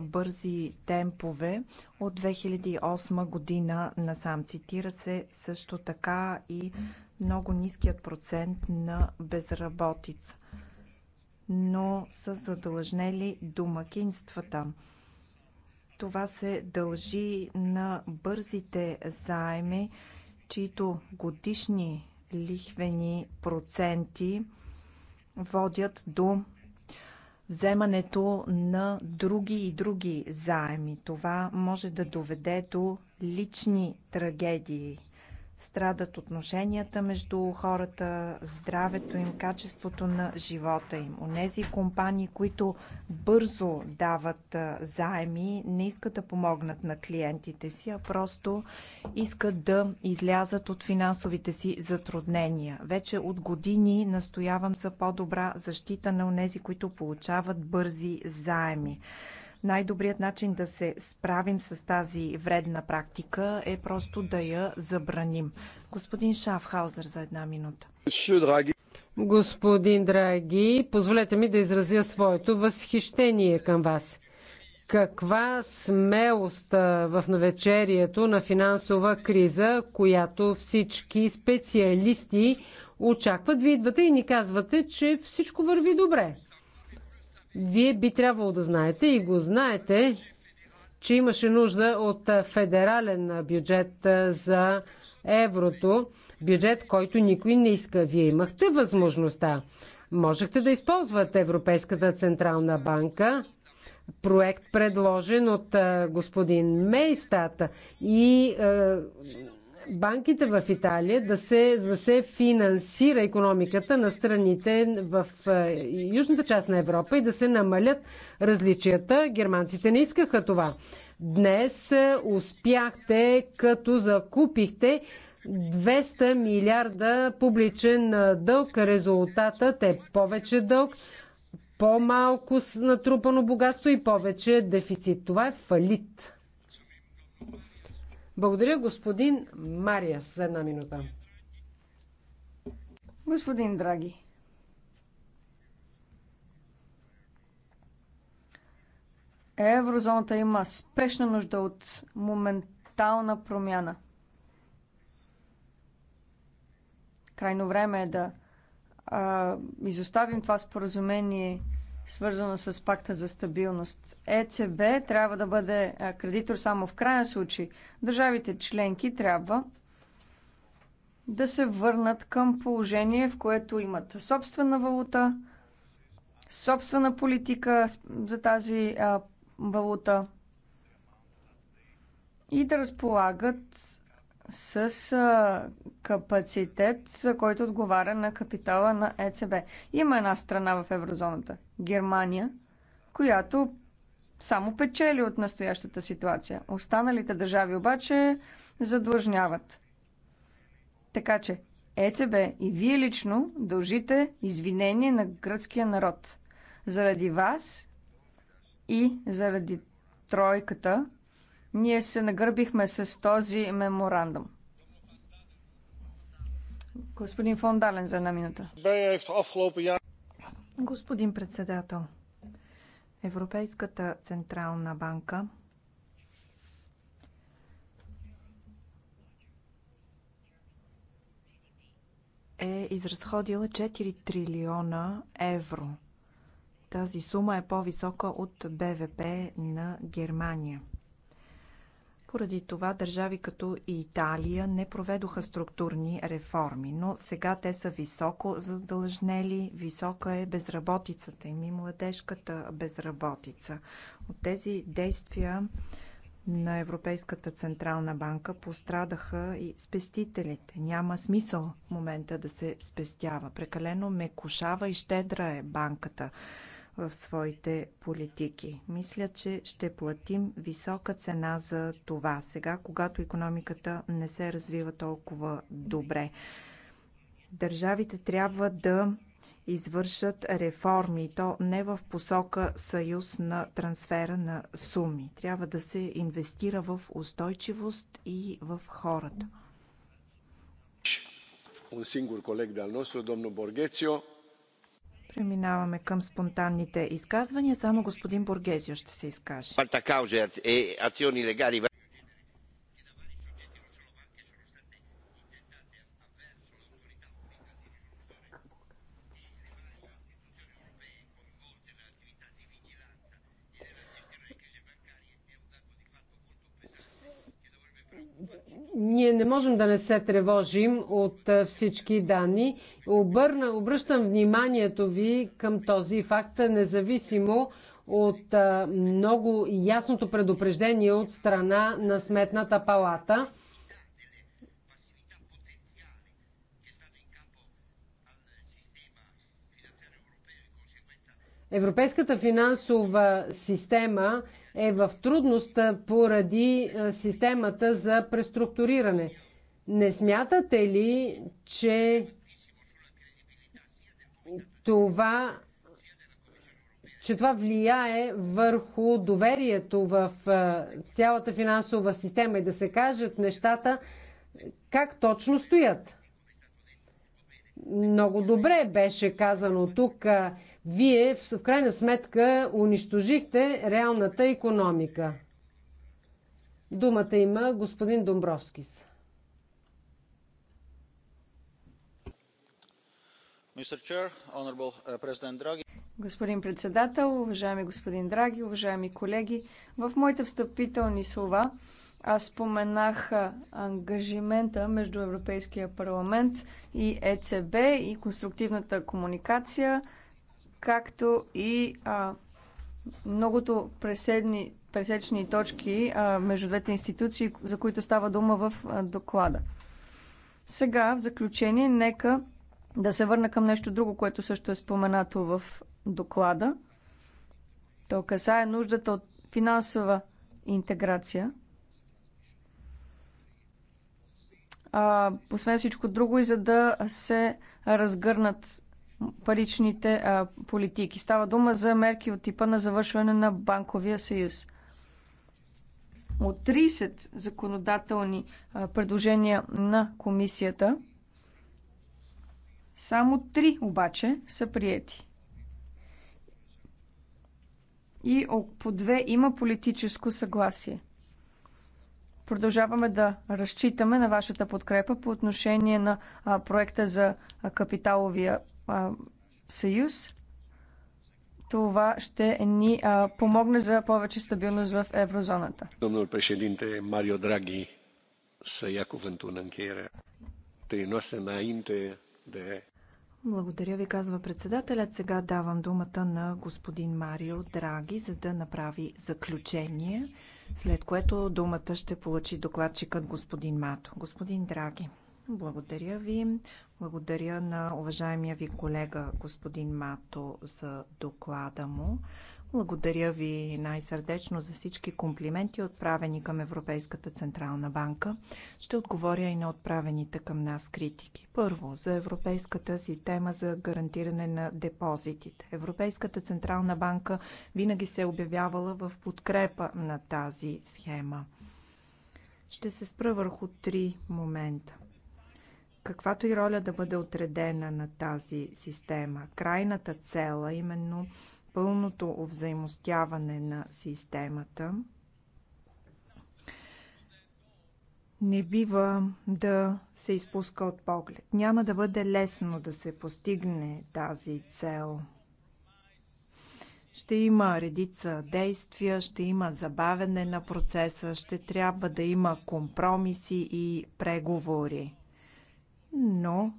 бързи темпове от 2008 година насам. Цитира се също така и много ниският процент на безработица. Но са задлъжнели домакинствата. Това се дължи на бързите заеми, чието годишни лихвени проценти водят до вземането на други и други заеми. Това може да доведе до лични трагедии страдат отношенията между хората, здравето им, качеството на живота им. Онези компании, които бързо дават заеми, не искат да помогнат на клиентите си, а просто искат да излязат от финансовите си затруднения. Вече от години настоявам за по-добра защита на онези, които получават бързи заеми. Най-добрият начин да се справим с тази вредна практика е просто да я забраним. Господин Шафхаузер за една минута. Господин Драги, позволете ми да изразя своето възхищение към вас. Каква смелост в навечерието на финансова криза, която всички специалисти очакват. Вие идвате и ни казвате, че всичко върви добре. Вие би трябвало да знаете и го знаете, че имаше нужда от федерален бюджет за еврото, бюджет, който никой не иска. Вие имахте възможността. Можехте да използвате Европейската централна банка, проект предложен от господин Мейстата и е, банките в Италия да се, да се финансира економиката на страните в е, южната част на Европа и да се намалят различията. Германците не искаха това. Днес е, успяхте, като закупихте 200 милиарда публичен е, дълг. Резултатът е повече дълг, по-малко натрупано богатство и повече дефицит. Това е фалит. Благодаря, господин Мариас, за една минута. Господин Драги, еврозоната има спешна нужда от моментална промяна. Крайно време е да а, изоставим това споразумение свързано с пакта за стабилност. ЕЦБ трябва да бъде кредитор само в крайен случай. Държавите членки трябва да се върнат към положение, в което имат собствена валута, собствена политика за тази а, валута и да разполагат с капацитет, който отговаря на капитала на ЕЦБ. Има една страна в еврозоната Германия, която само печели от настоящата ситуация. Останалите държави обаче задлъжняват. Така че ЕЦБ и вие лично дължите извинение на гръцкия народ. Заради вас и заради тройката ние се нагърбихме с този меморандум. Господин Фон Дален за една минута. Е, Господин председател, Европейската централна банка е изразходила 4 трилиона евро. Тази сума е по-висока от БВП на Германия – поради това държави като Италия не проведоха структурни реформи, но сега те са високо задължнели, висока е безработицата им и младежката безработица. От тези действия на Европейската централна банка пострадаха и спестителите. Няма смисъл в момента да се спестява. Прекалено мекушава и щедра е банката в своите политики. Мисля, че ще платим висока цена за това сега, когато економиката не се развива толкова добре. Държавите трябва да извършат реформи, и то не в посока съюз на трансфера на суми. Трябва да се инвестира в устойчивост и в хората. Un singur coleg de-al nostru, domnul Borghețiu, Преминаваме към спонтанните изказвания. Само господин Бургезио ще се изкаже. Ние не можем да не се тревожим от всички данни. Обърна, обръщам вниманието ви към този факт, независимо от много ясното предупреждение от страна на Сметната палата. Европейската финансова система е в трудност поради системата за преструктуриране. Не смятате ли, че това, че това влияе върху доверието в цялата финансова система и да се кажат нещата как точно стоят? Много добре беше казано тук вие в крайна сметка унищожихте реалната економика. Думата има господин Домбровскис. Uh, господин председател, уважаеми господин Драги, уважаеми колеги, в моите встъпителни слова аз споменах ангажимента между Европейския парламент и ЕЦБ и конструктивната комуникация – както и а, многото преседни, пресечни точки а, между двете институции, за които става дума в а, доклада. Сега, в заключение, нека да се върна към нещо друго, което също е споменато в доклада. То касае нуждата от финансова интеграция. А, освен всичко друго и за да се разгърнат паричните а, политики. Става дума за мерки от типа на завършване на банковия съюз. От 30 законодателни а, предложения на комисията, само 3 обаче са приети. И по две има политическо съгласие. Продължаваме да разчитаме на вашата подкрепа по отношение на а, проекта за капиталовия съюз, това ще ни а, помогне за повече стабилност в еврозоната. Domnul președинте Марио Драги să ia cuvântul în încheiere. înainte de... Благодаря ви, казва председателят. Сега давам думата на господин Марио Драги, за да направи заключение, след което думата ще получи докладчикът господин Мато. Господин Драги, благодаря ви. Благодаря на уважаемия ви колега господин Мато за доклада му. Благодаря ви най-сърдечно за всички комплименти, отправени към Европейската Централна банка. Ще отговоря и на отправените към нас критики. Първо, за Европейската система за гарантиране на депозитите. Европейската Централна банка винаги се е обявявала в подкрепа на тази схема. Ще се спра върху три момента каквато и роля да бъде отредена на тази система. Крайната цел, а е именно пълното овъзмездяване на системата, не бива да се изпуска от поглед. Няма да бъде лесно да се постигне тази цел. Ще има редица действия, ще има забавене на процеса, ще трябва да има компромиси и преговори но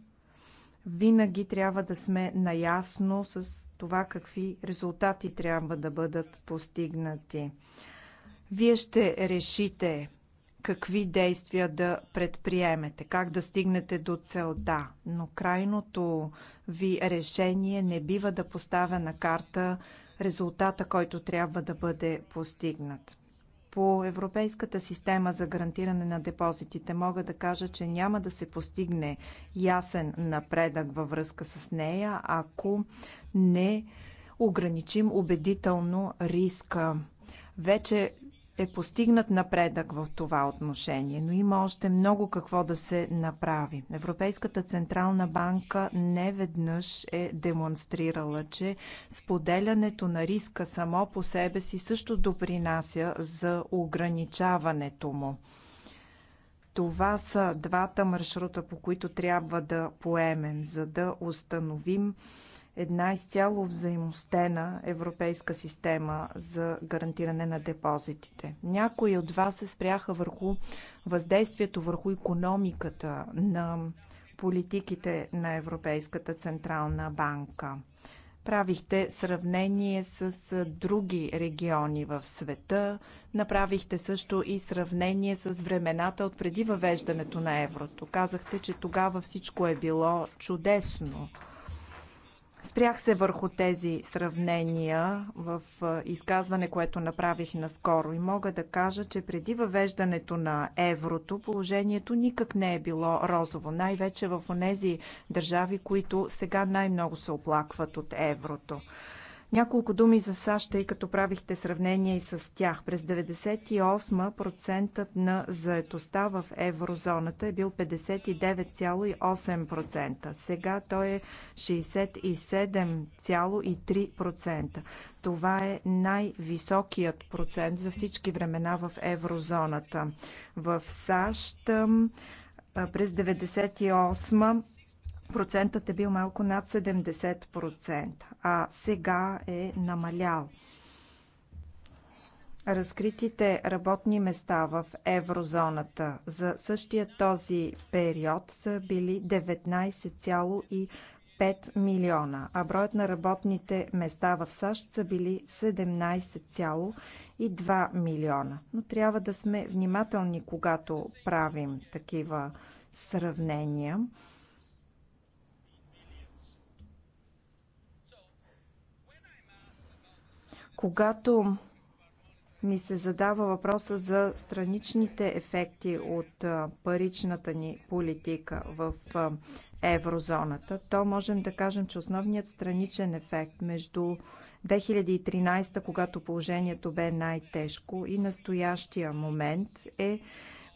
винаги трябва да сме наясно с това какви резултати трябва да бъдат постигнати. Вие ще решите какви действия да предприемете, как да стигнете до целта, но крайното ви решение не бива да поставя на карта резултата, който трябва да бъде постигнат. По Европейската система за гарантиране на депозитите мога да кажа, че няма да се постигне ясен напредък във връзка с нея, ако не ограничим убедително риска. Вече е постигнат напредък в това отношение, но има още много какво да се направи. Европейската централна банка не веднъж е демонстрирала, че споделянето на риска само по себе си също допринася за ограничаването му. Това са двата маршрута, по които трябва да поемем, за да установим една изцяло взаимостена европейска система за гарантиране на депозитите. Някои от вас се спряха върху въздействието върху економиката на политиките на Европейската централна банка. Правихте сравнение с други региони в света. Направихте също и сравнение с времената от преди въвеждането на еврото. Казахте, че тогава всичко е било чудесно Спрях се върху тези сравнения в изказване, което направих наскоро и мога да кажа, че преди въвеждането на еврото положението никак не е било розово, най-вече в онези държави, които сега най-много се оплакват от еврото. Няколко думи за САЩ, тъй като правихте сравнение и с тях. През 98% процентът на заетостта в еврозоната е бил 59,8%. Сега той е 67,3%. Това е най-високият процент за всички времена в еврозоната. В САЩ през 98%, процентът е бил малко над 70%, а сега е намалял. Разкритите работни места в еврозоната за същия този период са били 19,5 милиона, а броят на работните места в САЩ са били 17,2 милиона. Но трябва да сме внимателни, когато правим такива сравнения Когато ми се задава въпроса за страничните ефекти от паричната ни политика в еврозоната, то можем да кажем, че основният страничен ефект между 2013, когато положението бе най-тежко, и настоящия момент е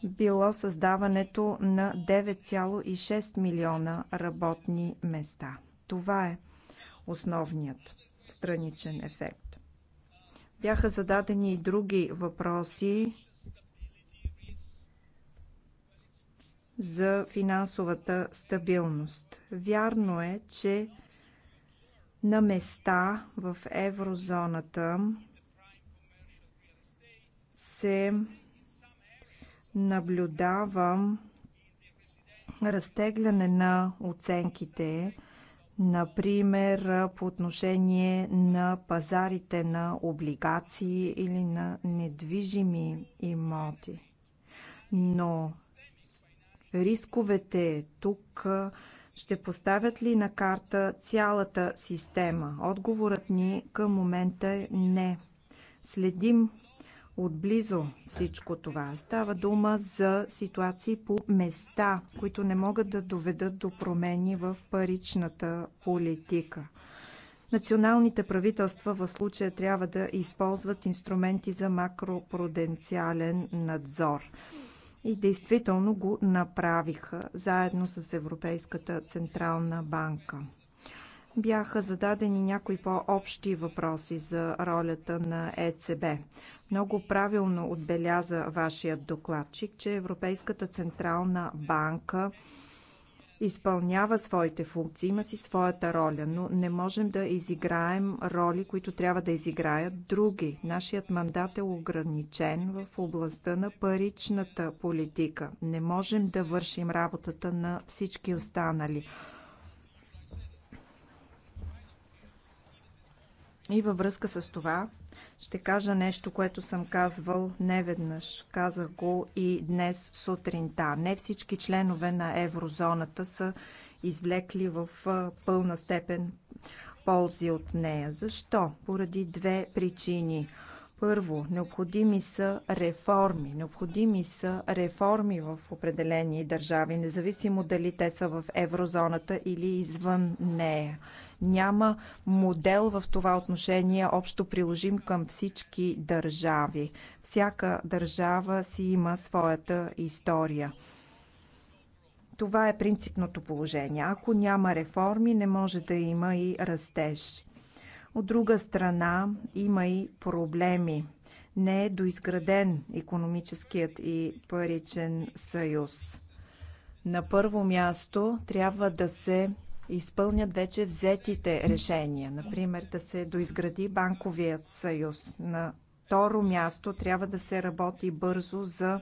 било създаването на 9,6 милиона работни места. Това е основният страничен ефект. Бяха зададени и други въпроси за финансовата стабилност. Вярно е, че на места в еврозоната се наблюдавам разтегляне на оценките например по отношение на пазарите на облигации или на недвижими имоти. Но рисковете тук ще поставят ли на карта цялата система? Отговорът ни към момента е не. Следим отблизо всичко това. Става дума за ситуации по места, които не могат да доведат до промени в паричната политика. Националните правителства в случая трябва да използват инструменти за макропруденциален надзор. И действително го направиха заедно с Европейската централна банка бяха зададени някои по-общи въпроси за ролята на ЕЦБ. Много правилно отбеляза вашият докладчик, че Европейската централна банка изпълнява своите функции, има си своята роля, но не можем да изиграем роли, които трябва да изиграят други. Нашият мандат е ограничен в областта на паричната политика. Не можем да вършим работата на всички останали. И във връзка с това ще кажа нещо, което съм казвал неведнъж. Казах го и днес сутринта. Не всички членове на еврозоната са извлекли в пълна степен ползи от нея. Защо? Поради две причини. Първо, необходими са реформи. Необходими са реформи в определени държави, независимо дали те са в еврозоната или извън нея. Няма модел в това отношение общо приложим към всички държави. Всяка държава си има своята история. Това е принципното положение. Ако няма реформи, не може да има и растеж. От друга страна има и проблеми. Не е доизграден економическият и паричен съюз. На първо място трябва да се изпълнят вече взетите решения, например да се доизгради банковият съюз. На второ място трябва да се работи бързо за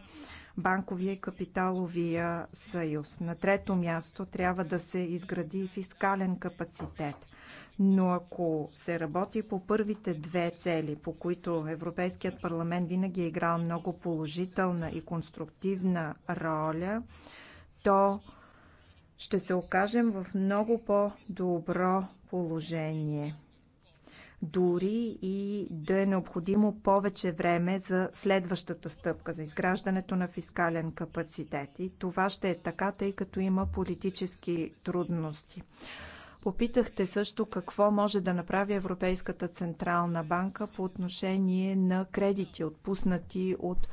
банковия и капиталовия съюз. На трето място трябва да се изгради фискален капацитет. Но ако се работи по първите две цели, по които Европейският парламент винаги е играл много положителна и конструктивна роля, то ще се окажем в много по-добро положение. Дори и да е необходимо повече време за следващата стъпка, за изграждането на фискален капацитет. И това ще е така, тъй като има политически трудности. Попитахте също какво може да направи Европейската централна банка по отношение на кредити, отпуснати от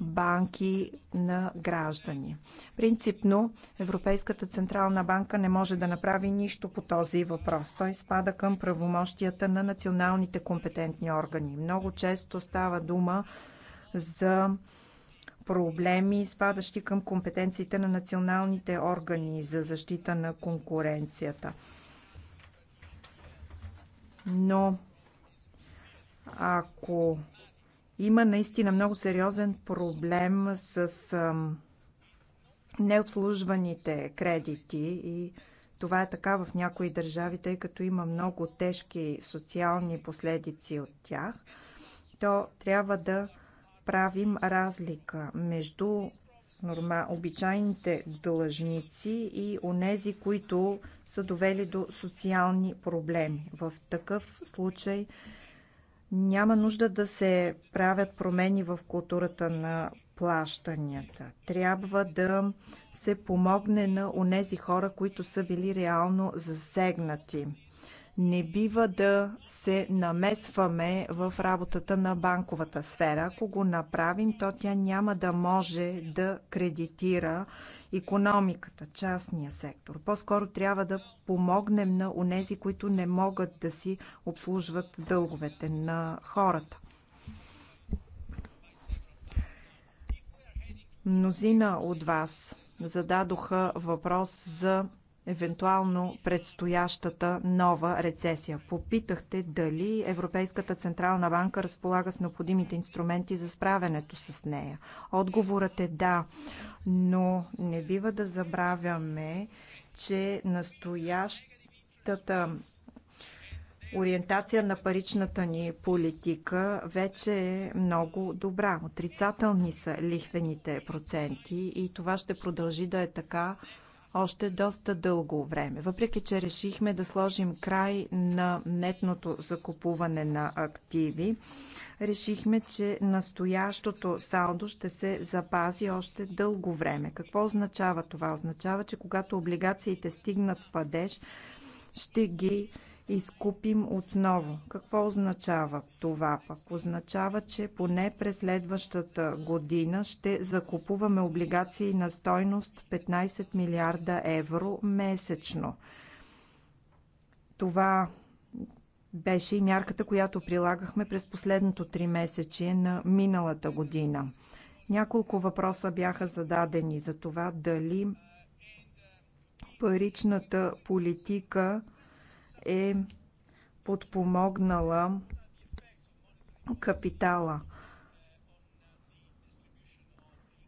банки на граждани. Принципно Европейската централна банка не може да направи нищо по този въпрос. Той спада към правомощията на националните компетентни органи. Много често става дума за проблеми, спадащи към компетенциите на националните органи за защита на конкуренцията но ако има наистина много сериозен проблем с необслужваните кредити и това е така в някои държави, тъй като има много тежки социални последици от тях, то трябва да правим разлика между норма, обичайните длъжници и онези, които са довели до социални проблеми. В такъв случай няма нужда да се правят промени в културата на плащанията. Трябва да се помогне на онези хора, които са били реално засегнати. Не бива да се намесваме в работата на банковата сфера. Ако го направим, то тя няма да може да кредитира економиката, частния сектор. По-скоро трябва да помогнем на онези, които не могат да си обслужват дълговете на хората. Мнозина от вас зададоха въпрос за евентуално предстоящата нова рецесия. Попитахте дали Европейската Централна банка разполага с необходимите инструменти за справянето с нея. Отговорът е да, но не бива да забравяме, че настоящата ориентация на паричната ни политика вече е много добра. Отрицателни са лихвените проценти и това ще продължи да е така още доста дълго време. Въпреки, че решихме да сложим край на нетното закупуване на активи, решихме, че настоящото салдо ще се запази още дълго време. Какво означава това? Означава, че когато облигациите стигнат падеж, ще ги изкупим отново. Какво означава това пък? Означава, че поне през следващата година ще закупуваме облигации на стойност 15 милиарда евро месечно. Това беше и мярката, която прилагахме през последното три месече на миналата година. Няколко въпроса бяха зададени за това дали паричната политика е подпомогнала капитала.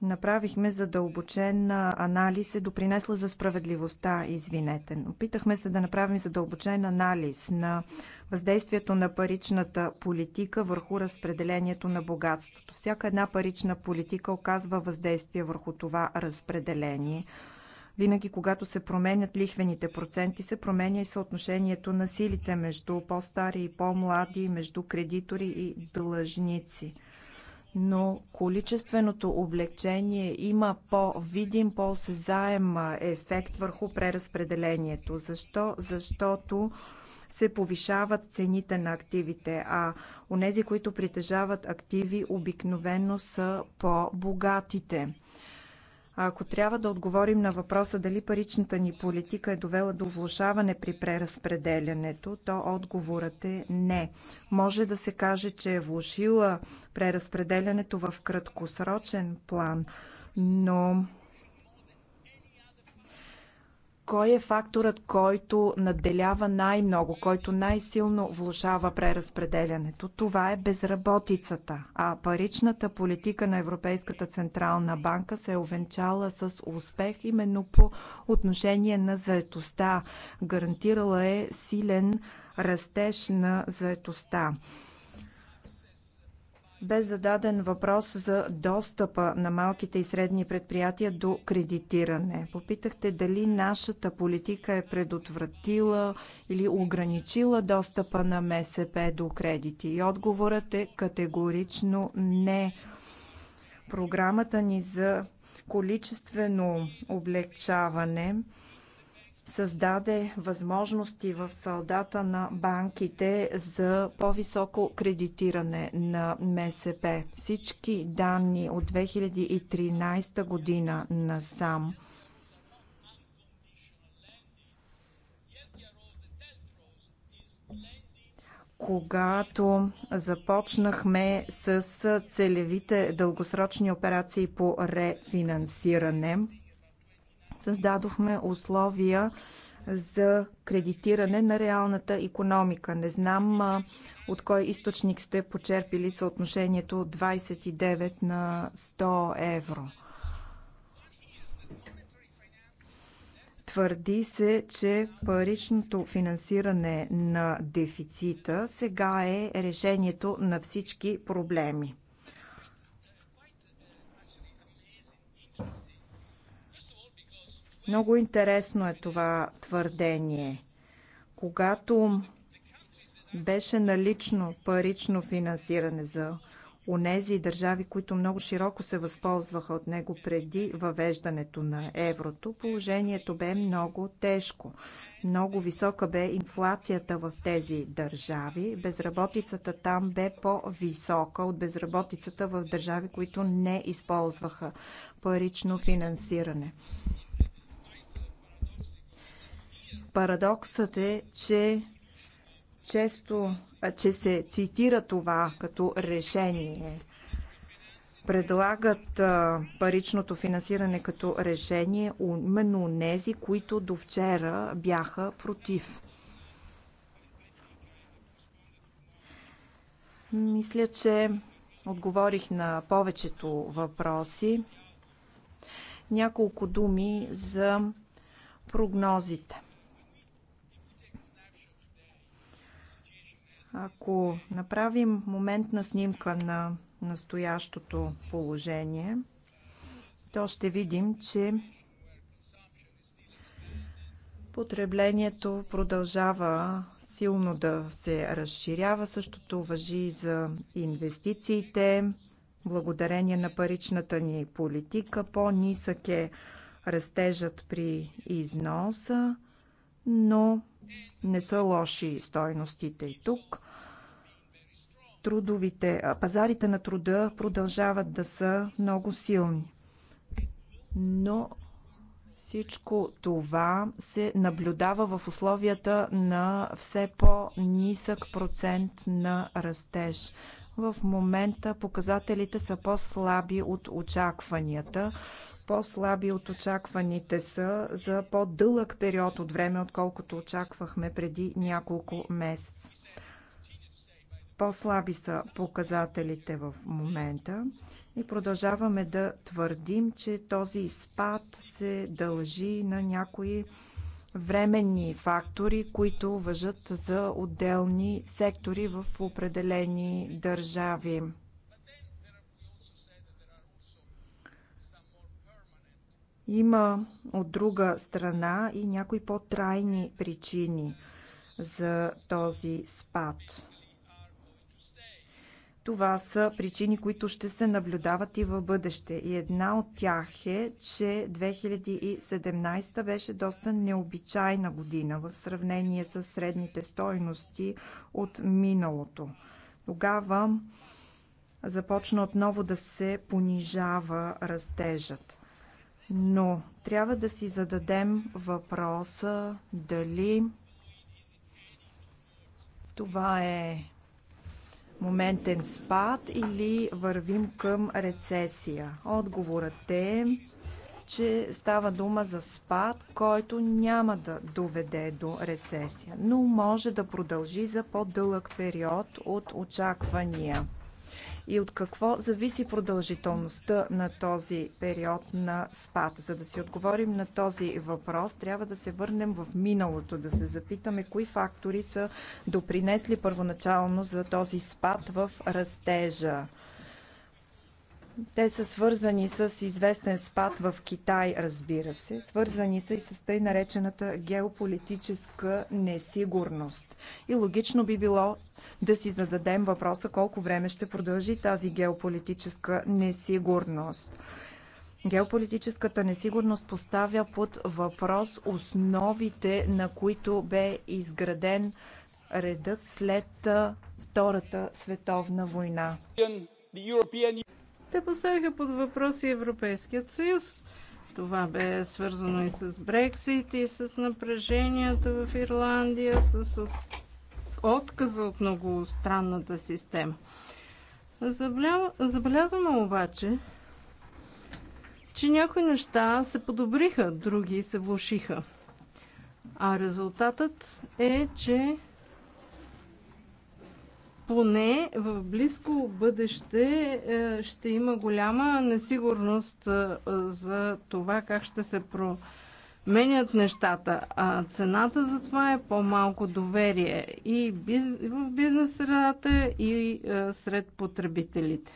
Направихме задълбочен анализ, е допринесла за справедливостта, извинете. Опитахме се да направим задълбочен анализ на въздействието на паричната политика върху разпределението на богатството. Всяка една парична политика оказва въздействие върху това разпределение – винаги, когато се променят лихвените проценти, се променя и съотношението на силите между по-стари и по-млади, между кредитори и длъжници но количественото облегчение има по-видим, по-осезаем ефект върху преразпределението. Защо? Защото се повишават цените на активите, а онези, които притежават активи, обикновено са по-богатите. А ако трябва да отговорим на въпроса дали паричната ни политика е довела до влушаване при преразпределянето, то отговорът е не. Може да се каже, че е влушила преразпределянето в краткосрочен план, но кой е факторът, който надделява най-много, който най-силно влушава преразпределянето? Това е безработицата. А паричната политика на Европейската централна банка се е овенчала с успех именно по отношение на заетостта. Гарантирала е силен растеж на заетостта. Бе зададен въпрос за достъпа на малките и средни предприятия до кредитиране. Попитахте дали нашата политика е предотвратила или ограничила достъпа на МСП до кредити. И отговорът е категорично не. Програмата ни за количествено облегчаване – създаде възможности в салдата на банките за по-високо кредитиране на МСП. Всички данни от 2013 година насам когато започнахме с целевите дългосрочни операции по рефинансиране създадохме условия за кредитиране на реалната икономика. Не знам а, от кой източник сте почерпили съотношението 29 на 100 евро. Твърди се, че паричното финансиране на дефицита сега е решението на всички проблеми. Много интересно е това твърдение. Когато беше налично парично финансиране за унези държави, които много широко се възползваха от него преди въвеждането на еврото, положението бе много тежко. Много висока бе инфлацията в тези държави. Безработицата там бе по-висока от безработицата в държави, които не използваха парично финансиране. Парадоксът е, че често че се цитира това като решение. Предлагат паричното финансиране като решение именно нези, които до вчера бяха против. Мисля, че отговорих на повечето въпроси. Няколко думи за прогнозите. Ако направим моментна снимка на настоящото положение, то ще видим, че потреблението продължава силно да се разширява. Същото въжи и за инвестициите. Благодарение на паричната ни политика по-нисък е растежът при износа но не са лоши стойностите и тук. Трудовите, пазарите на труда продължават да са много силни. Но всичко това се наблюдава в условията на все по-нисък процент на растеж. В момента показателите са по-слаби от очакванията по-слаби от очакваните са за по-дълъг период от време, отколкото очаквахме преди няколко месеца. По-слаби са показателите в момента и продължаваме да твърдим, че този спад се дължи на някои временни фактори, които въжат за отделни сектори в определени държави. Има от друга страна и някои по-трайни причини за този спад. Това са причини, които ще се наблюдават и в бъдеще. И една от тях е, че 2017 беше доста необичайна година в сравнение с средните стойности от миналото. Тогава започна отново да се понижава растежът. Но трябва да си зададем въпроса дали това е моментен спад или вървим към рецесия. Отговорът е, че става дума за спад, който няма да доведе до рецесия, но може да продължи за по-дълъг период от очаквания и от какво зависи продължителността на този период на спад. За да си отговорим на този въпрос, трябва да се върнем в миналото, да се запитаме кои фактори са допринесли първоначално за този спад в растежа. Те са свързани с известен спад в Китай, разбира се. Свързани са и с тъй наречената геополитическа несигурност. И логично би било да си зададем въпроса колко време ще продължи тази геополитическа несигурност. Геополитическата несигурност поставя под въпрос основите, на които бе изграден редът след Втората световна война. Те поставиха под въпрос и Европейският съюз. Това бе свързано и с Брексит, и с напрежението в Ирландия, с отказа от многостранната система. Забелязваме обаче, че някои неща се подобриха, други се влушиха. А резултатът е, че поне в близко бъдеще е, ще има голяма несигурност е, за това как ще се променят нещата. А цената за това е по-малко доверие и в бизнес средата, и е, сред потребителите.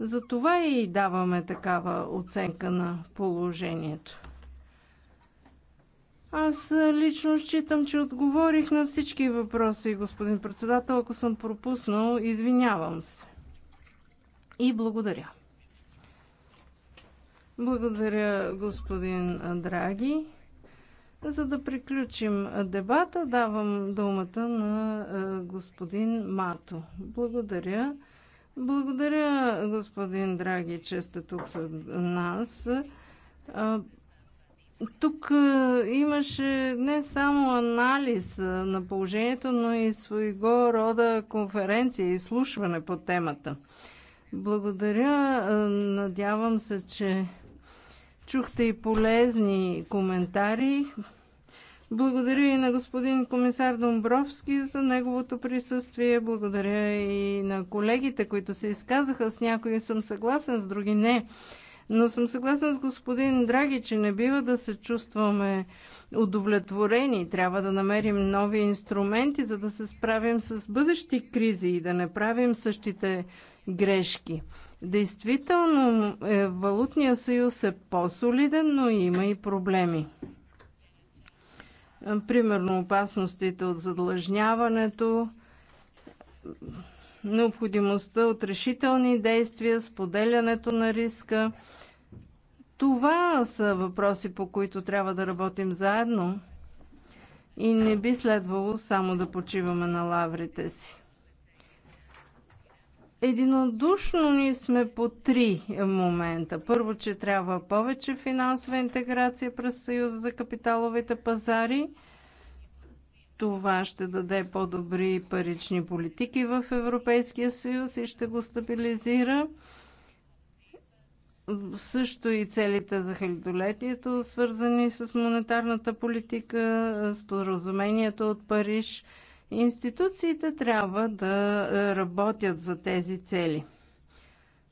Затова и даваме такава оценка на положението. Аз лично считам, че отговорих на всички въпроси, господин председател. Ако съм пропуснал, извинявам се. И благодаря. Благодаря, господин Драги. За да приключим дебата, давам думата на господин Мато. Благодаря. Благодаря, господин Драги, че сте тук с нас. Тук имаше не само анализ на положението, но и своего рода конференция и слушване по темата. Благодаря. Надявам се, че чухте и полезни коментари. Благодаря и на господин комисар Домбровски за неговото присъствие. Благодаря и на колегите, които се изказаха. С някои съм съгласен, с други не. Но съм съгласна с господин Драги, че не бива да се чувстваме удовлетворени. Трябва да намерим нови инструменти, за да се справим с бъдещи кризи и да не правим същите грешки. Действително, е, валутния съюз е по-солиден, но има и проблеми. Е, примерно опасностите от задлъжняването, необходимостта от решителни действия, споделянето на риска – това са въпроси, по които трябва да работим заедно и не би следвало само да почиваме на лаврите си. Единодушно ни сме по три момента. Първо, че трябва повече финансова интеграция през Съюза за капиталовите пазари. Това ще даде по-добри парични политики в Европейския съюз и ще го стабилизира също и целите за хилядолетието, свързани с монетарната политика, споразумението от Париж. Институциите трябва да е, работят за тези цели.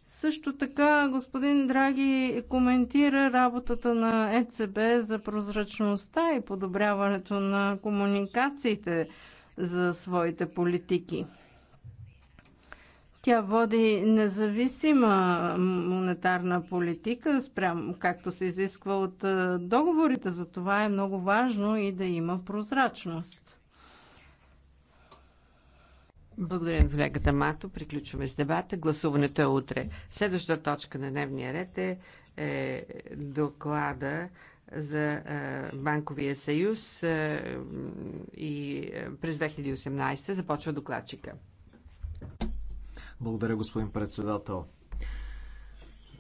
Също така господин Драги коментира работата на ЕЦБ за прозрачността и подобряването на комуникациите за своите политики. Тя води независима монетарна политика, спрям, както се изисква от е, договорите. За това е много важно и да има прозрачност. Благодаря на колегата Мато. Приключваме с дебата. Гласуването е утре. Следващата точка на дневния ред е, е доклада за е, Банковия съюз е, и е, през 2018 започва докладчика. Благодаря, господин председател.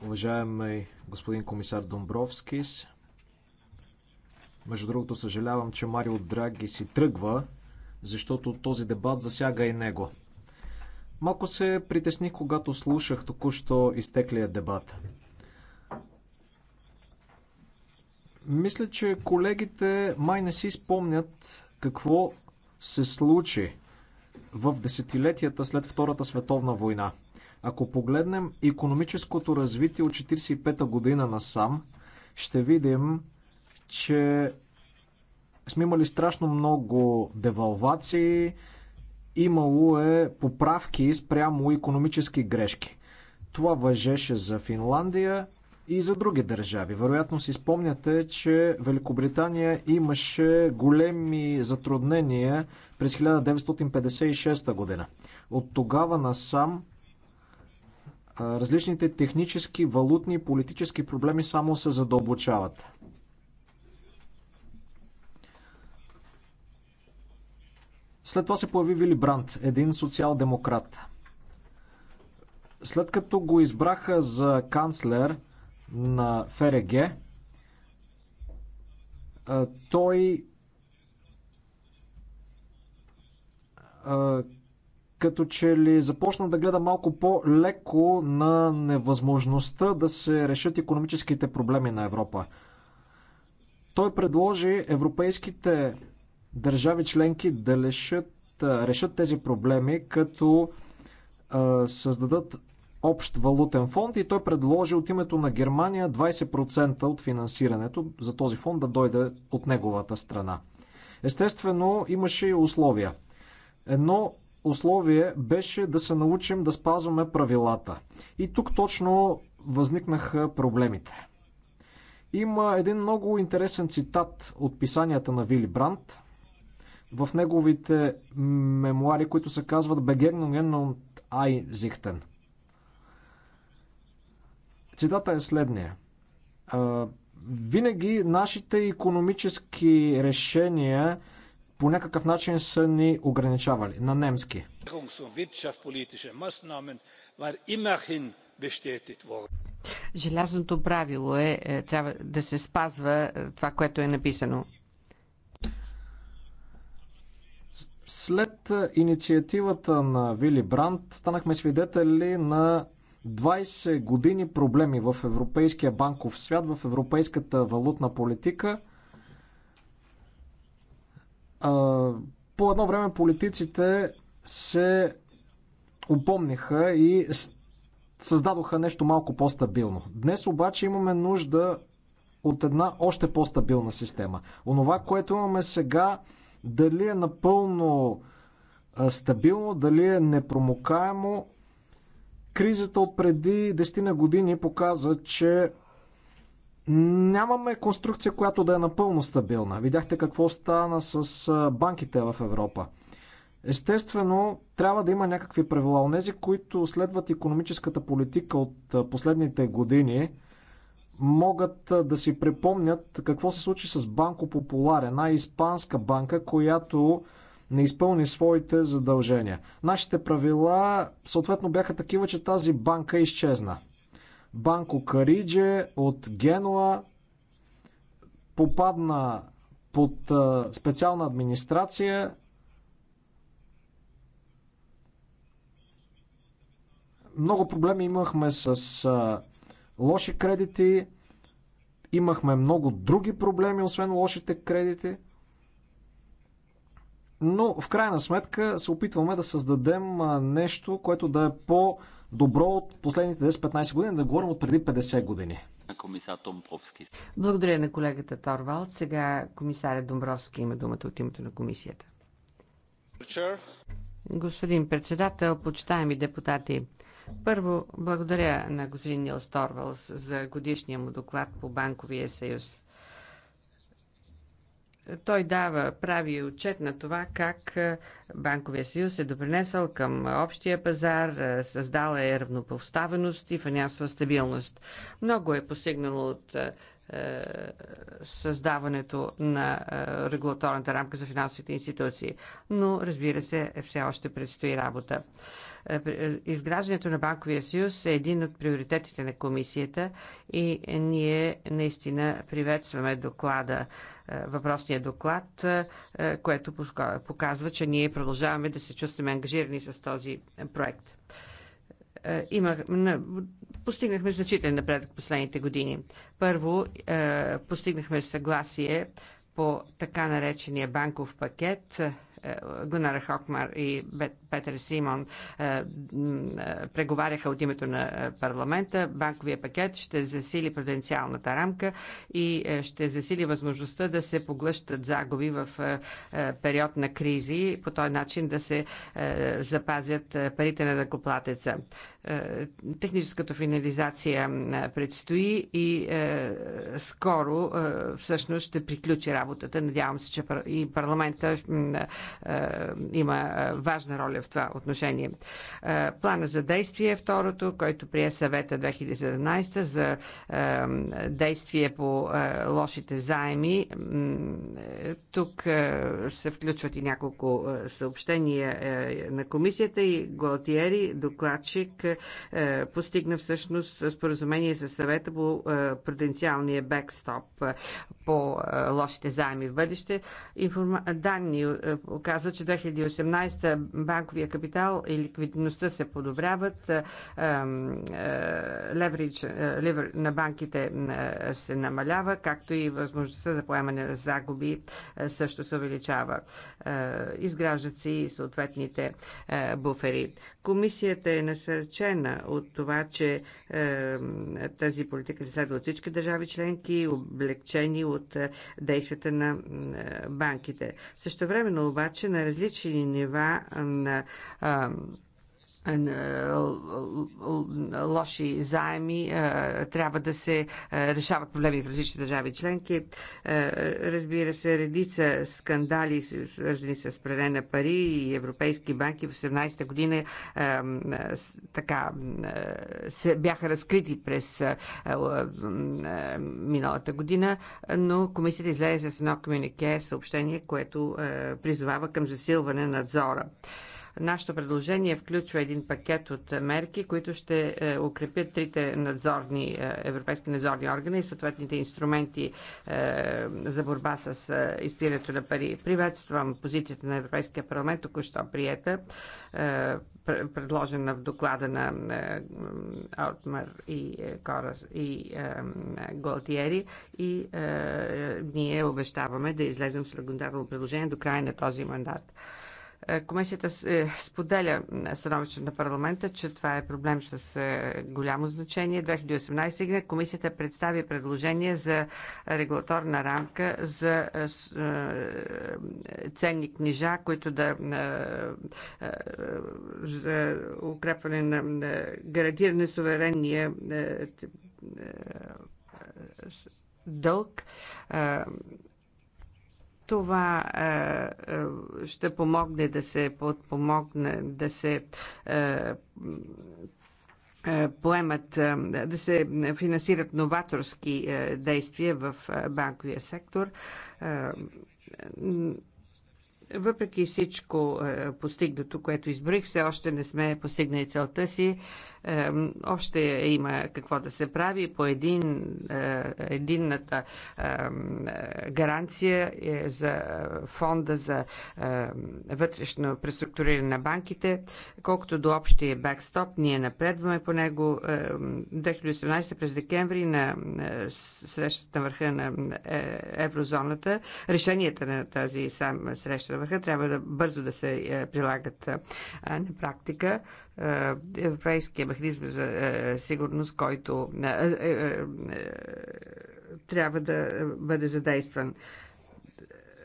Уважаеми господин комисар Домбровскис, между другото съжалявам, че Марио Драги си тръгва, защото този дебат засяга и него. Малко се притесних, когато слушах току-що изтеклия дебат. Мисля, че колегите май не си спомнят какво се случи в десетилетията след Втората световна война. Ако погледнем економическото развитие от 1945 година насам, ще видим, че сме имали страшно много девалвации, имало е поправки спрямо економически грешки. Това въжеше за Финландия и за други държави. Вероятно си спомняте, че Великобритания имаше големи затруднения през 1956 година. От тогава насам различните технически, валутни и политически проблеми само се задълбочават. След това се появи Вили Бранд, един социал-демократ. След като го избраха за канцлер, на ФРГ, той като че ли започна да гледа малко по-леко на невъзможността да се решат економическите проблеми на Европа. Той предложи европейските държави членки да решат, решат тези проблеми, като създадат общ валутен фонд и той предложи от името на Германия 20% от финансирането за този фонд да дойде от неговата страна. Естествено, имаше и условия. Едно условие беше да се научим да спазваме правилата. И тук точно възникнаха проблемите. Има един много интересен цитат от писанията на Вили Бранд, в неговите мемуари, които се казват Begegnungen und Einsichten. Цитата е следния. Винаги нашите економически решения по някакъв начин са ни ограничавали. На немски. Желязното правило е, е трябва да се спазва е, това, което е написано. След е, инициативата на Вили Бранд станахме свидетели на 20 години проблеми в европейския банков свят, в европейската валутна политика. По едно време политиците се упомниха и създадоха нещо малко по-стабилно. Днес обаче имаме нужда от една още по-стабилна система. Онова, което имаме сега, дали е напълно стабилно, дали е непромокаемо, Кризата от преди 10 на години показа, че нямаме конструкция, която да е напълно стабилна. Видяхте какво стана с банките в Европа. Естествено, трябва да има някакви правила. Онези, които следват економическата политика от последните години, могат да си припомнят какво се случи с Банко Популаре, една испанска банка, която не изпълни своите задължения. Нашите правила съответно бяха такива, че тази банка изчезна. Банко Каридже от Генуа попадна под специална администрация. Много проблеми имахме с лоши кредити, имахме много други проблеми, освен лошите кредити – но в крайна сметка се опитваме да създадем нещо, което да е по-добро от последните 10-15 години, да говорим от преди 50 години. Благодаря на колегата Торвал. Сега комисаря Домбровски има думата от името на комисията. Господин председател, почитаеми депутати, първо благодаря на господин Нил Торвалс за годишния му доклад по Банковия съюз. Той дава прави отчет на това как Банковия съюз е допринесъл към общия пазар, създала е равнопоставеност и финансова стабилност. Много е постигнало от създаването на регулаторната рамка за финансовите институции. Но, разбира се, все още предстои работа. Е, е, изграждането на банковия съюз е един от приоритетите на комисията и ние наистина приветстваме доклада, е, въпросния доклад, което показва, че ние продължаваме да се чувстваме ангажирани с този проект Има, постигнахме значителен напредък последните години. Първо, постигнахме съгласие по така наречения банков пакет. Гонара Хокмар и Бет Петър Симон е, е, преговаряха от името на е, парламента. Банковия пакет ще засили потенциалната рамка и ще засили възможността да се поглъщат загуби в период на кризи, по този начин да се запазят парите на дъкоплатеца. Техническата финализация предстои и скоро всъщност ще приключи работата. Надявам се, че и парламента има важна роля в това отношение. Е, плана за действие е второто, който прие съвета 2017 за е, действие по е, лошите заеми. Тук се включват и няколко съобщения на комисията и Галтиери, докладчик, постигна всъщност споразумение с съвета по потенциалния бекстоп по лошите заеми в бъдеще. Данни показват, че 2018 банков рисковия капитал и ликвидността се подобряват, леверидж е, на банките е, се намалява, както и възможността за поемане на загуби е, също се увеличава. Изграждат се и съответните буфери. Комисията е насърчена от това, че е, тази политика се следва от всички държави членки, облегчени от е, действията на е, банките. времено обаче на различни нива на е, лоши заеми, трябва да се решават проблеми в различни държави членки. Разбира се, редица скандали, свързани с пране на пари и европейски банки в 17-та година така се бяха разкрити през миналата година, но комисията излезе с едно комюнике съобщение, което призовава към засилване надзора. Нашето предложение включва един пакет от мерки, които ще е, укрепят трите надзорни, е, европейски надзорни органи и съответните инструменти е, за борба с изпирането на пари. Приветствам позицията на Европейския парламент, току-що приета, предложена в доклада на Аутмар и Корос и Голтиери и ние обещаваме да излезем с регулярно предложение до края на този мандат. Е, комисията е, споделя становище на парламента, че това е проблем с е, голямо значение. 2018 година комисията представи предложение за регулаторна рамка за ценни книжа, които да за укрепване на гарантиране суверенния дълг това е, е, ще помогне да се подпомогне, да се е, е поемат, е, да се финансират новаторски е, действия в банковия сектор въпреки всичко е, постигнато, което изброих, все още не сме постигнали целта си. Е, още има какво да се прави по един, е, единната гаранция за фонда за вътрешно преструктуриране на банките. Колкото до общия бекстоп, ние напредваме по него. 2018 през декември на срещата на върха на еврозоната, решенията на тази сам среща върха, трябва да бързо да се е, прилагат е, на практика. Е, европейския механизъм за сигурност, който трябва да бъде задействан.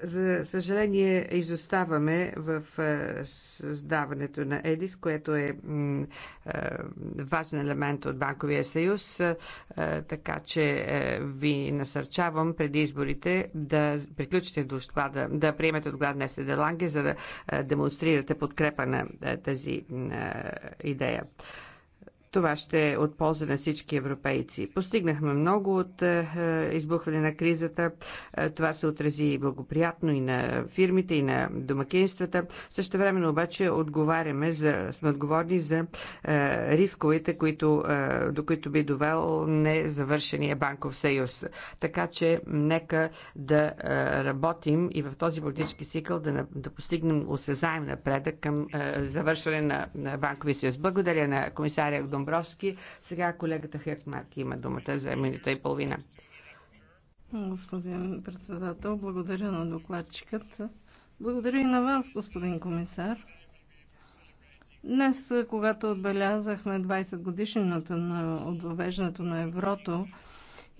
За съжаление, изоставаме в е, създаването на ЕДИС, което е, е важен елемент от Банковия съюз, е, така че ви насърчавам преди изборите да приключите до склада, да приемете от днес за да демонстрирате подкрепа на тази идея. Това ще е от полза на всички европейци. Постигнахме много от е, е, избухване на кризата. Е, това се отрази благоприятно и на фирмите, и на домакинствата. Също времено обаче отговаряме за, сме отговорни за рисковете, които, до които би довел незавършения банков съюз. Така че нека да работим и в този политически цикъл да, да постигнем осезаем напредък към завършване на, банкови съюз. Благодаря на комисаря Гдом Домбровски. Сега колегата Херцмарк има думата за минута и половина. Господин председател, благодаря на докладчикът. Благодаря и на вас, господин комисар. Днес, когато отбелязахме 20 годишнината на въвеждането на еврото,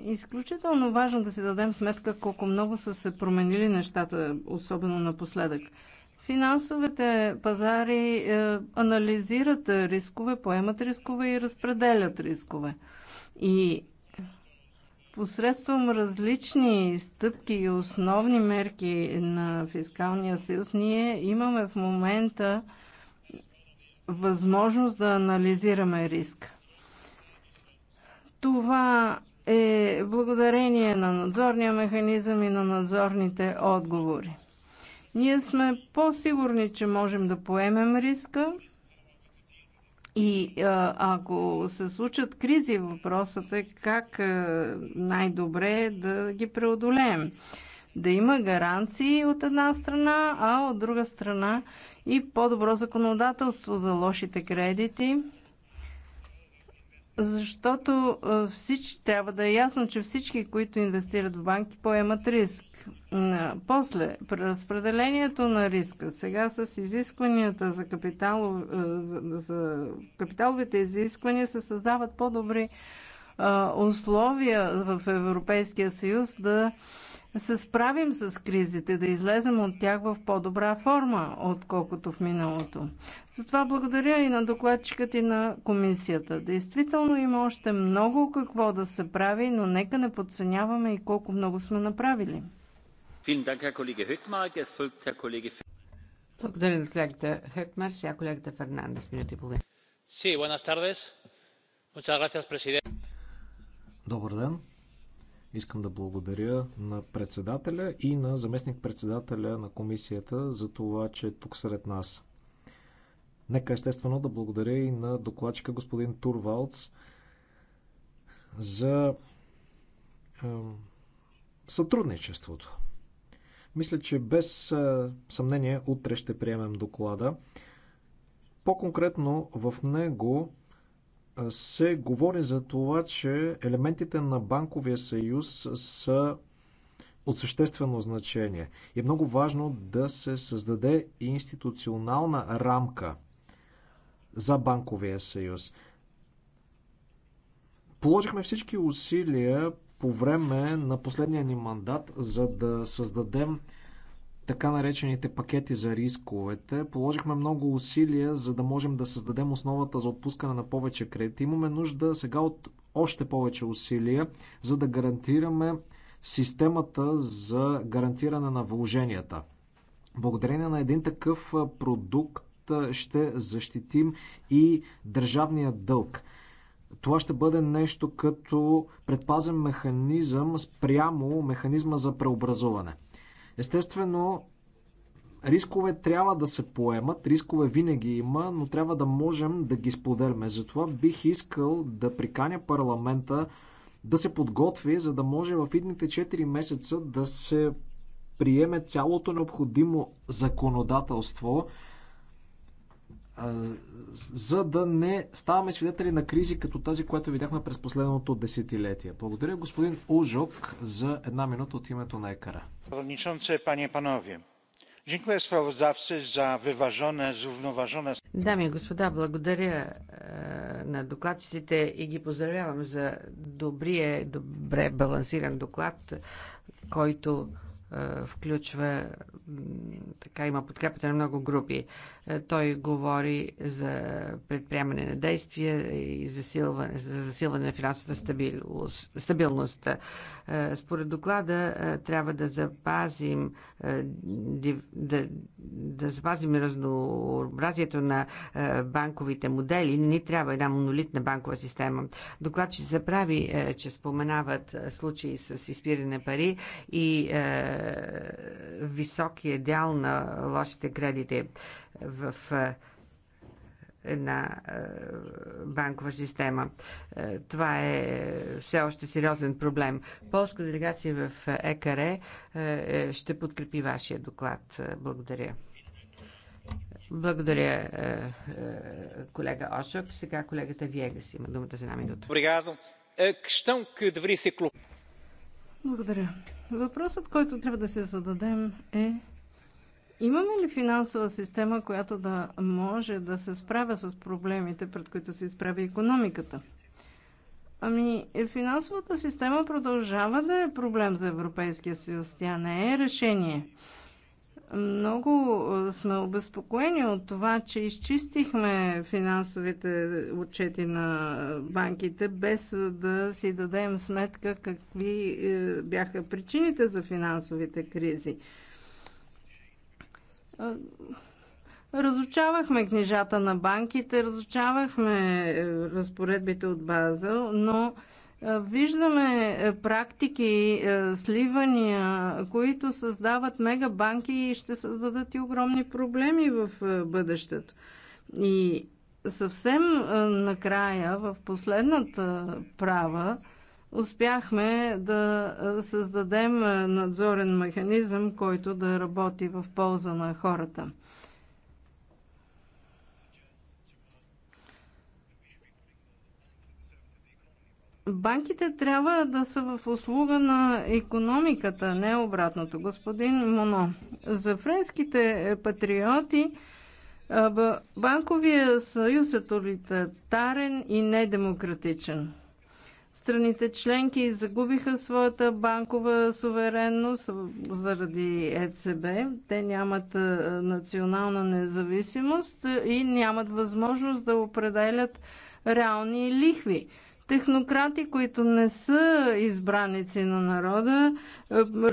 изключително важно да си дадем сметка колко много са се променили нещата, особено напоследък. Финансовите пазари е, анализират рискове, поемат рискове и разпределят рискове. И посредством различни стъпки и основни мерки на фискалния съюз, ние имаме в момента възможност да анализираме риск. Това е благодарение на надзорния механизъм и на надзорните отговори. Ние сме по-сигурни, че можем да поемем риска и ако се случат кризи, въпросът е как най-добре да ги преодолеем да има гаранции от една страна, а от друга страна и по-добро законодателство за лошите кредити защото всички трябва да е ясно, че всички, които инвестират в банки, поемат риск. После, преразпределението на риска. Сега с изискванията за, капитал, за капиталовите изисквания се създават по-добри условия в Европейския съюз да се справим с кризите, да излезем от тях в по-добра форма, отколкото в миналото. Затова благодаря и на докладчикът и на комисията. Действително има още много какво да се прави, но нека не подценяваме и колко много сме направили. Благодаря на колегата Хекмар. Сега колегата Фернандес, минути и половина. Добър ден. Искам да благодаря на председателя и на заместник-председателя на комисията за това, че е тук сред нас. Нека естествено да благодаря и на докладчика господин Турвалц за е, сътрудничеството. Мисля, че без е, съмнение утре ще приемем доклада. По-конкретно в него се говори за това, че елементите на банковия съюз са от съществено значение. И е много важно да се създаде институционална рамка за банковия съюз. Положихме всички усилия по време на последния ни мандат, за да създадем така наречените пакети за рисковете. Положихме много усилия, за да можем да създадем основата за отпускане на повече кредит. Имаме нужда сега от още повече усилия, за да гарантираме системата за гарантиране на вложенията. Благодарение на един такъв продукт ще защитим и държавния дълг. Това ще бъде нещо като предпазен механизъм спрямо механизма за преобразуване. Естествено, рискове трябва да се поемат, рискове винаги има, но трябва да можем да ги споделяме. Затова бих искал да приканя парламента да се подготви, за да може в идните 4 месеца да се приеме цялото необходимо законодателство, за да не ставаме свидетели на кризи като тази, която видяхме през последното десетилетие. Благодаря господин Ужок за една минута от името на екара. Дами и господа, благодаря е, на докладчиците и ги поздравявам за добрия, добре балансиран доклад, който е, включва така има подкрепата на много групи. Е, той говори за предприемане на действия и засилване, за засилване на финансовата стабилност. Е, според доклада е, трябва да запазим да, да запазим разнообразието на банковите модели. Не ни трябва една монолитна банкова система. Доклад ще се прави, че споменават случаи с изпиране пари и високия дял на лошите кредити в една банкова система. Това е все още сериозен проблем. Полска делегация в ЕКАРЕ е, ще подкрепи вашия доклад. Благодаря. Благодаря, колега Ошок. Сега колегата Виегас има думата за една минута. Е, благодаря. Въпросът, който трябва да се зададем е Имаме ли финансова система, която да може да се справя с проблемите, пред които се изправя економиката? Ами, финансовата система продължава да е проблем за Европейския съюз. Тя не е решение. Много сме обезпокоени от това, че изчистихме финансовите отчети на банките, без да си дадем сметка какви е, бяха причините за финансовите кризи. Е, разучавахме книжата на банките, разучавахме е, разпоредбите от Базел, но е, виждаме практики, сливания, които създават мегабанки и ще създадат и огромни проблеми в бъдещето. И съвсем накрая, в последната права, успяхме да е, създадем е, надзорен механизъм, който да работи в полза на хората. Банките трябва да са в услуга на економиката, не обратното. Господин Моно, за френските е, патриоти банковия съюз е толитарен и недемократичен. Страните членки загубиха своята банкова суверенност заради ЕЦБ. Те нямат национална независимост и нямат възможност да определят реални лихви технократи, които не са избраници на народа,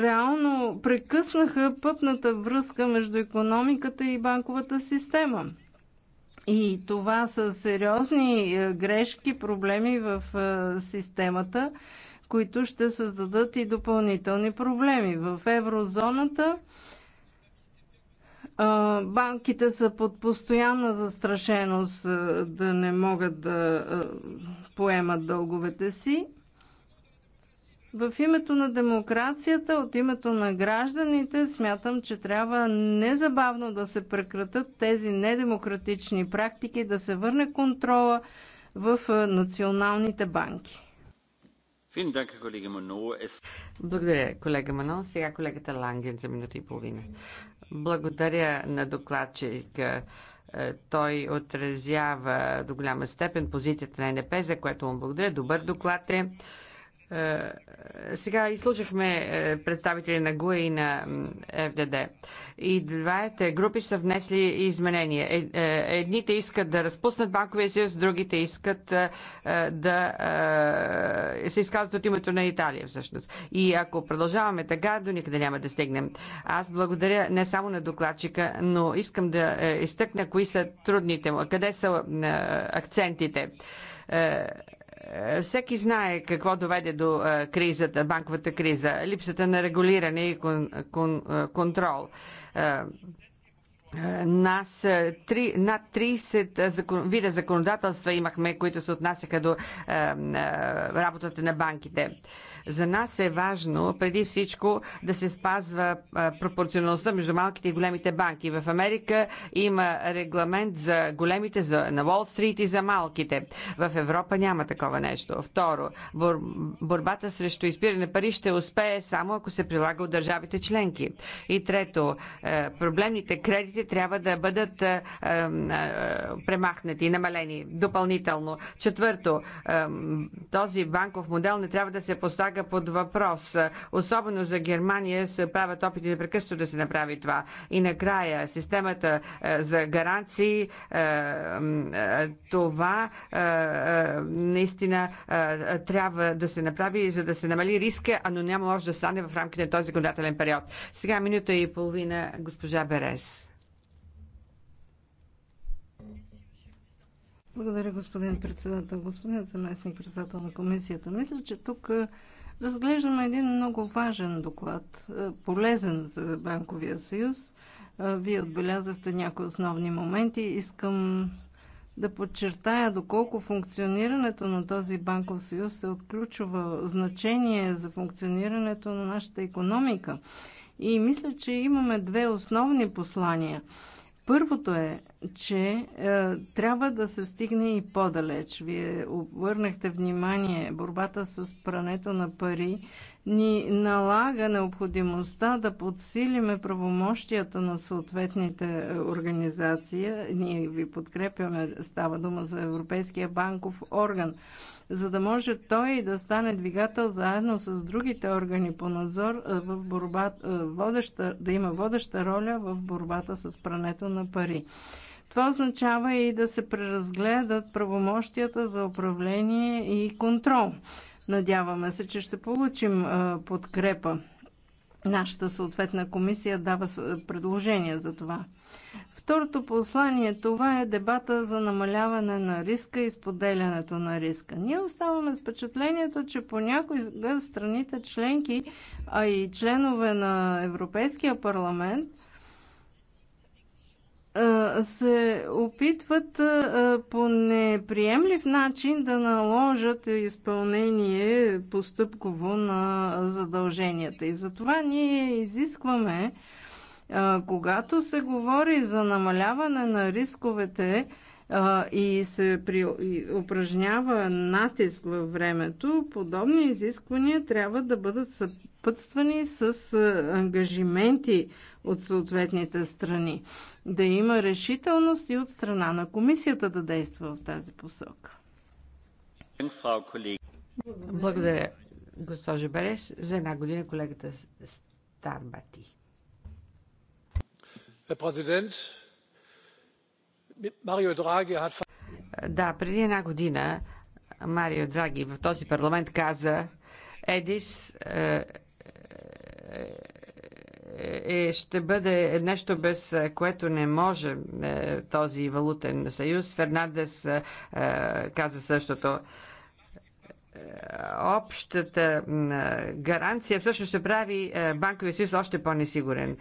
реално прекъснаха пъпната връзка между економиката и банковата система. И това са сериозни е, грешки, проблеми в е, системата, които ще създадат и допълнителни проблеми. В еврозоната е, банките са под постоянна застрашеност да не могат да поемат дълговете си в името на демокрацията, от името на гражданите, смятам, че трябва незабавно да се прекратат тези недемократични практики, да се върне контрола в националните банки. Е благодаря, колега Мано. Сега колегата Ланген за минута и половина. Благодаря на докладчика е, той отразява до голяма степен позицията на НП, за което му благодаря. Добър доклад е. Е, сега изслушахме е, представители на ГУЕ и на ФДД. И двете групи са внесли изменения. Е, едните искат да разпуснат банковия съюз, другите искат да се изказват от името на Италия всъщност. И ако продължаваме така, до никъде няма да стигнем. Аз благодаря не само на докладчика, но искам да изтъкна кои са трудните му, къде са акцентите е, всеки знае какво доведе до е, кризата, банковата криза, липсата на регулиране и кон, кон, е, контрол нас три, над 30 закон, вида законодателства имахме, които се отнасяха до работата на банките. За нас е важно преди всичко да се спазва пропорционалността между малките и големите банки. В Америка има регламент за големите, за, на Уолл Стрит и за малките. В Европа няма такова нещо. Второ, бор, борбата срещу изпиране пари ще успее само ако се прилага от държавите членки. И трето, е, проблемните кредити трябва да бъдат е, е, премахнати, намалени допълнително. Четвърто, този банков модел не трябва да се поставя излага под въпрос. Особено за Германия се правят опити непрекъснато да се направи това. И накрая, системата е, за гаранции, е, е, това наистина трябва да се направи, за да се намали риска, а но няма може да стане в рамките на този законодателен период. Сега минута и половина госпожа Берес. Благодаря, господин председател. Господин заместник председател на комисията, мисля, че тук Разглеждаме един много важен доклад, е, полезен за Банковия съюз. Е, вие отбелязахте някои основни моменти. Искам да подчертая доколко функционирането на този банков съюз се отключва значение за функционирането на нашата економика. И мисля, че имаме две основни послания – Първото е, че е, трябва да се стигне и по-далеч. Вие обърнахте внимание, борбата с прането на пари ни налага необходимостта да подсилиме правомощията на съответните организации. Ние ви подкрепяме, става дума за Европейския банков орган за да може той да стане двигател заедно с другите органи по надзор е, в борба, е, водеща, да има водеща роля в борбата с прането на пари. Това означава и да се преразгледат правомощията за управление и контрол. Надяваме се, че ще получим е, подкрепа. Нашата съответна комисия дава предложение за това. Второто послание това е дебата за намаляване на риска и споделянето на риска. Ние оставаме с впечатлението, че по някои страните членки, а и членове на Европейския парламент, се опитват по неприемлив начин да наложат изпълнение постъпково на задълженията. И затова ние изискваме когато се говори за намаляване на рисковете и се при, и упражнява натиск във времето, подобни изисквания трябва да бъдат съпътствани с ангажименти от съответните страни. Да има решителност и от страна на комисията да действа в тази посока. Благодаря, госпожо Береш. За една година колегата Старбати herr präsident! да преди една година марио драги в този парламент каза едис е, е, е ще бъде нещо без е, което не може е, този валутен съюз. Фернандес е, каза същото общата гаранция всъщност ще прави е, банковия съюз още по-несигурен.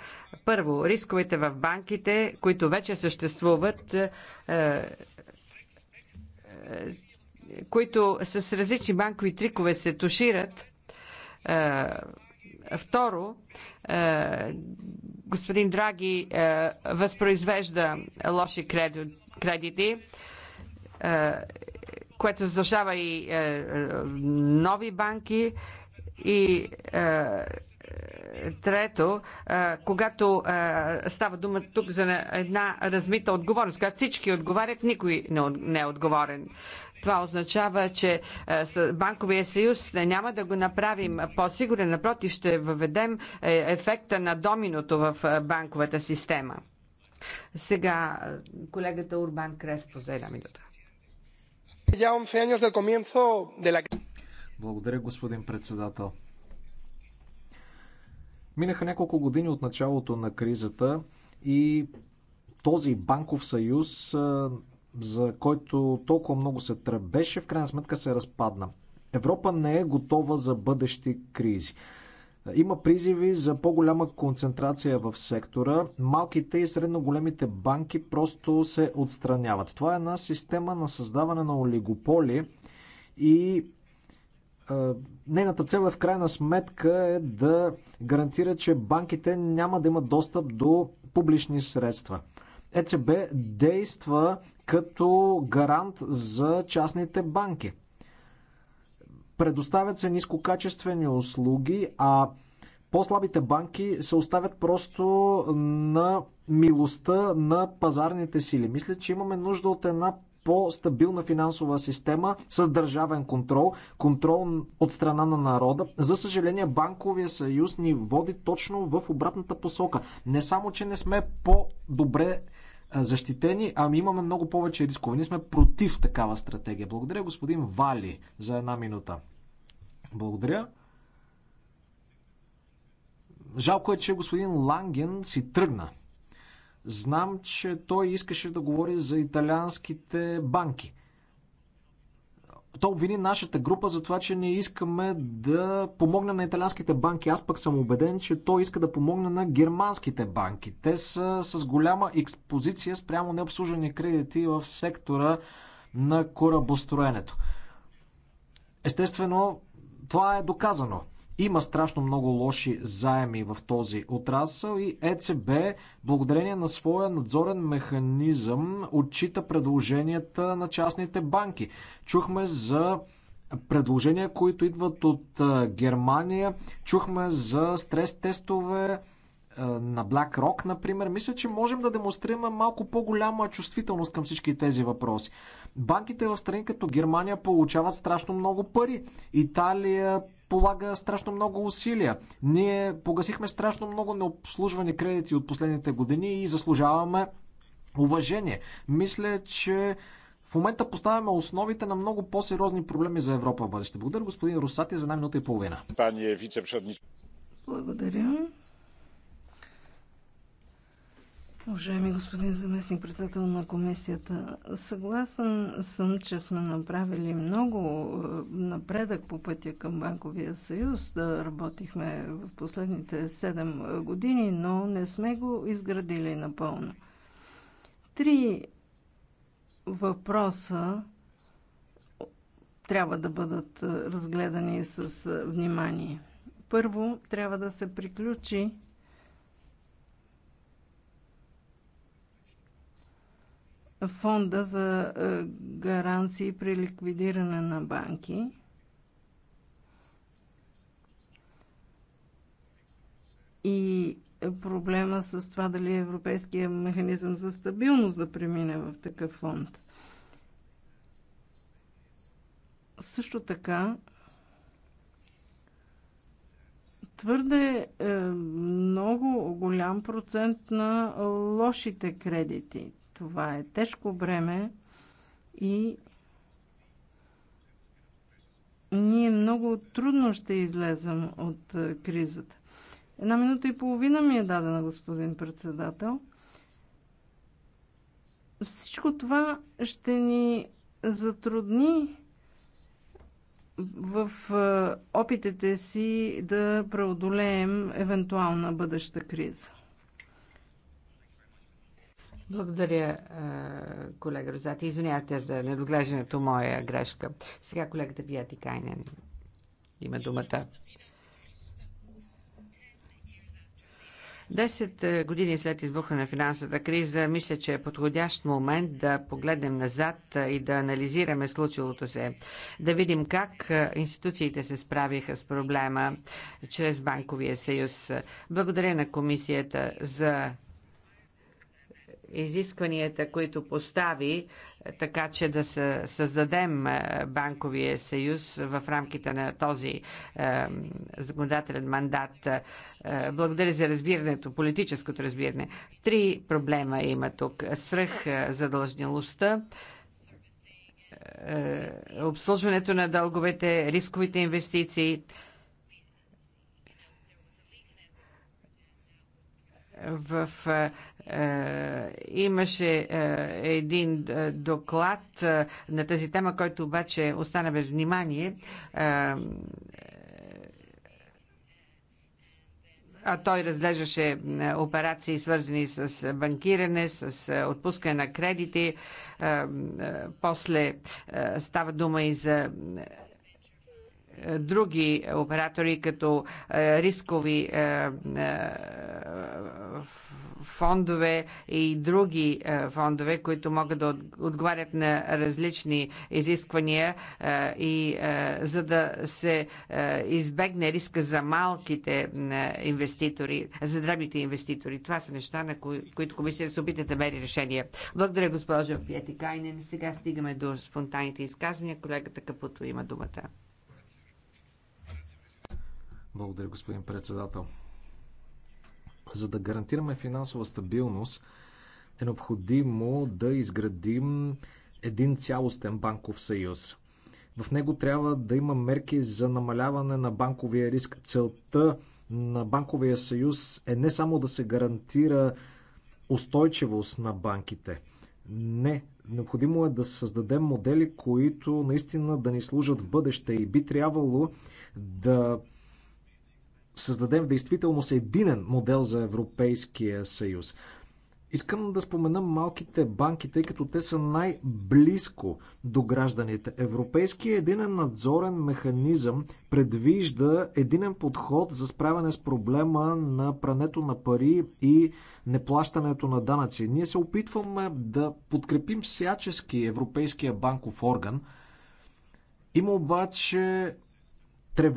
Първо, рисковете в банките, които вече съществуват, е, е, които с различни банкови трикове се тушират. Второ, господин Драги възпроизвежда лоши кредити което задължава и е, е, нови банки и е, Трето, е, когато е, става дума тук за една размита отговорност, когато всички отговарят, никой не е отговорен. Това означава, че банковия съюз няма да го направим по-сигурен, напротив ще въведем ефекта на доминото в банковата система. Сега колегата Урбан Креспо за една минута. Благодаря, господин председател. Минаха няколко години от началото на кризата и този банков съюз, за който толкова много се тръбеше, в крайна сметка се разпадна. Европа не е готова за бъдещи кризи. Има призиви за по-голяма концентрация в сектора. Малките и средно големите банки просто се отстраняват. Това е една система на създаване на олигополи и нейната цел е в крайна сметка е да гарантира, че банките няма да имат достъп до публични средства. ЕЦБ действа като гарант за частните банки. Предоставят се нискокачествени услуги, а по-слабите банки се оставят просто на милостта на пазарните сили. Мисля, че имаме нужда от една по-стабилна финансова система с държавен контрол, контрол от страна на народа. За съжаление, банковия съюз ни води точно в обратната посока. Не само, че не сме по-добре защитени, ами имаме много повече рискове. Ние сме против такава стратегия. Благодаря господин Вали за една минута. Благодаря. Жалко е, че господин Ланген си тръгна. Знам, че той искаше да говори за италианските банки – то обвини нашата група за това, че не искаме да помогнем на италианските банки. Аз пък съм убеден, че той иска да помогне на германските банки. Те са с голяма експозиция спрямо необслужени кредити в сектора на корабостроенето. Естествено, това е доказано. Има страшно много лоши заеми в този отрасъл и ЕЦБ, благодарение на своя надзорен механизъм, отчита предложенията на частните банки. Чухме за предложения, които идват от Германия, чухме за стрес тестове е, на Rock, например, мисля, че можем да демонстрираме малко по-голяма чувствителност към всички тези въпроси. Банките в страни като Германия получават страшно много пари. Италия полага страшно много усилия. Ние погасихме страшно много необслужвани кредити от последните години и заслужаваме уважение. Мисля, че в момента поставяме основите на много по-сериозни проблеми за Европа в бъдеще. Благодаря господин Русати за една минута и половина. Пане вице Благодаря. Уважаеми господин заместник председател на комисията, съгласен съм, че сме направили много е, напредък по пътя към Банковия съюз. работихме в последните 7 е, години, но не сме го изградили напълно. Три въпроса е, трябва да бъдат разгледани с внимание. Първо, трябва да се приключи фонда за е, гаранции при ликвидиране на банки. И проблема с това дали Европейския механизъм за стабилност да премине в такъв фонд. Също така, твърде е, много голям процент на лошите кредити. Това е тежко бреме и ние много трудно ще излезем от е, кризата. Една минута и половина ми е дадена, господин председател. Всичко това ще ни затрудни в е, опитите си да преодолеем евентуална бъдеща криза. Благодаря, е, колега Розати. Извинявайте за недоглеждането моя грешка. Сега колегата Бияти Кайнен има думата. Десет е, години след избуха на финансовата криза, мисля, че е подходящ момент да погледнем назад е, и да анализираме случилото се. Да видим как институциите се справиха с проблема чрез Банковия съюз. Благодаря на комисията за изискванията, които постави, така че да създадем е, банковия съюз в рамките на този е, законодателен мандат. Е, благодаря за разбирането, политическото разбиране. Три проблема има тук. Свръх задължнилостта, обслужването на дълговете, рисковите инвестиции, в, е, е имаше е, един е, доклад на тази тема, който обаче остана без внимание. а той разглеждаше операции свързани с банкиране, с отпускане на кредити. После става дума и за други оператори, като е, рискови е, е, фондове и други фондове, които могат да отговарят на различни изисквания и за да се избегне риска за малките инвеститори, за дребните инвеститори. Това са неща, на които комисията се опита да мери решение. Благодаря, госпожа Пиети Кайнен. Сега стигаме до спонтанните изказвания. Колегата Капуто има думата. Благодаря, господин председател. За да гарантираме финансова стабилност, е необходимо да изградим един цялостен банков съюз. В него трябва да има мерки за намаляване на банковия риск. Целта на банковия съюз е не само да се гарантира устойчивост на банките. Не, необходимо е да създадем модели, които наистина да ни служат в бъдеще и би трябвало да създадем в действителност единен модел за Европейския съюз. Искам да спомена малките банки, тъй като те са най-близко до гражданите. Европейския единен надзорен механизъм предвижда единен подход за справяне с проблема на прането на пари и неплащането на данъци. Ние се опитваме да подкрепим всячески Европейския банков орган. Има обаче тревога